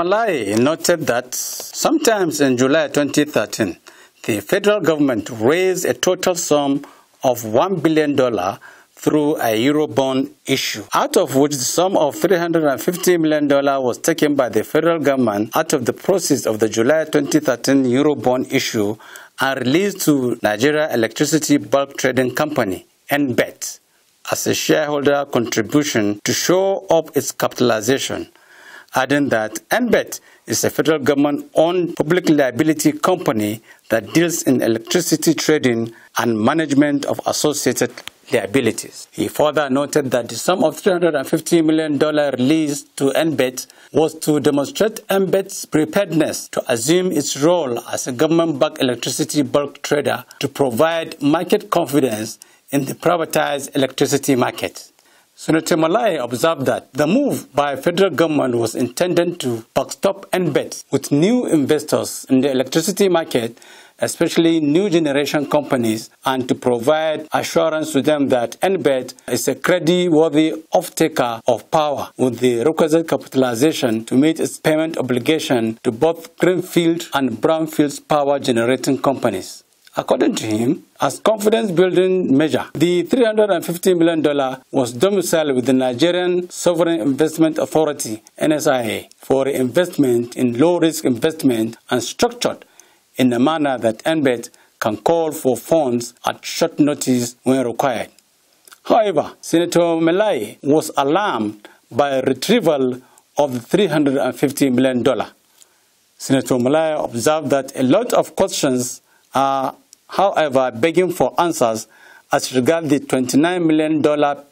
Malai noted that sometimes in July 2013, the federal government raised a total sum of $1 billion through a Eurobond issue, out of which the sum of $350 million was taken by the federal government out of the proceeds of the July 2013 Eurobond issue and released to Nigeria Electricity Bulk Trading Company, NBET, as a shareholder contribution to show up its capitalization adding that NBET is a federal government-owned public liability company that deals in electricity trading and management of associated liabilities. He further noted that the sum of $350 million released to NBET was to demonstrate NBET's preparedness to assume its role as a government-backed electricity bulk trader to provide market confidence in the privatized electricity market. Senator Malai observed that the move by federal government was intended to backstop NBET with new investors in the electricity market, especially new generation companies, and to provide assurance to them that NBET is a credit-worthy off-taker of power with the requisite capitalization to meet its payment obligation to both greenfield and brownfield power generating companies. According to him, as confidence-building measure, the $350 million was domiciled with the Nigerian Sovereign Investment Authority, NSIA, for investment in low-risk investment and structured in a manner that NBET can call for funds at short notice when required. However, Senator Melai was alarmed by a retrieval of the $350 million. Senator Malaya observed that a lot of questions uh, however, begging for answers as regards the $29 million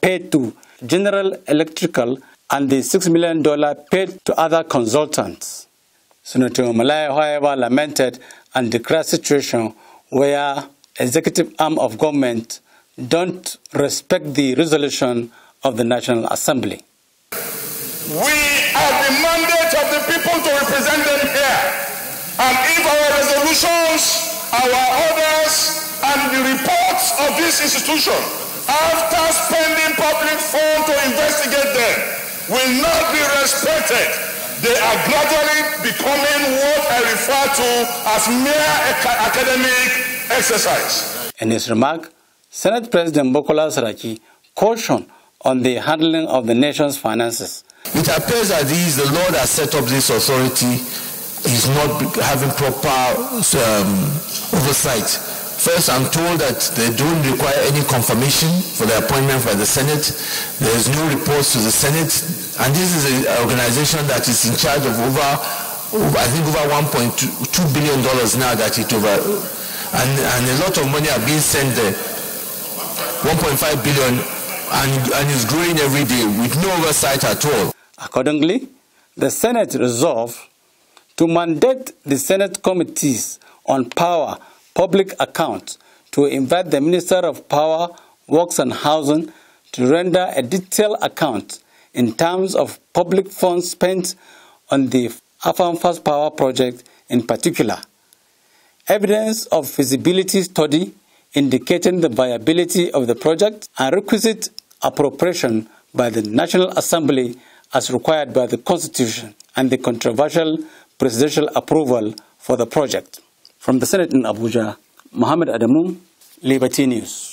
paid to General Electrical and the $6 million paid to other consultants. Senator Malaya, however, lamented and declared situation where executive arm of government don't respect the resolution of the National Assembly. We have the mandate of the people to represent them here. And if our resolutions our orders and the reports of this institution after spending public funds to investigate them will not be respected. They are gradually becoming what I refer to as mere academic exercise. In his remark, Senate President Bokola Saraki cautioned on the handling of the nation's finances. It appears that these, the Lord has set up this authority is not having proper um, oversight. First, I'm told that they don't require any confirmation for the appointment by the Senate. There is no reports to the Senate. And this is an organization that is in charge of over, I think over $1.2 billion now that it over, and, and a lot of money are being sent there, 1.5 billion, and, and is growing every day with no oversight at all. Accordingly, the Senate resolved to mandate the Senate committees on power, public accounts, to invite the Minister of Power, Works and Housing to render a detailed account in terms of public funds spent on the Fast Power project in particular. Evidence of feasibility study indicating the viability of the project and requisite appropriation by the National Assembly as required by the Constitution and the controversial presidential approval for the project. From the Senate in Abuja, Mohammed Adamu, Liberty News.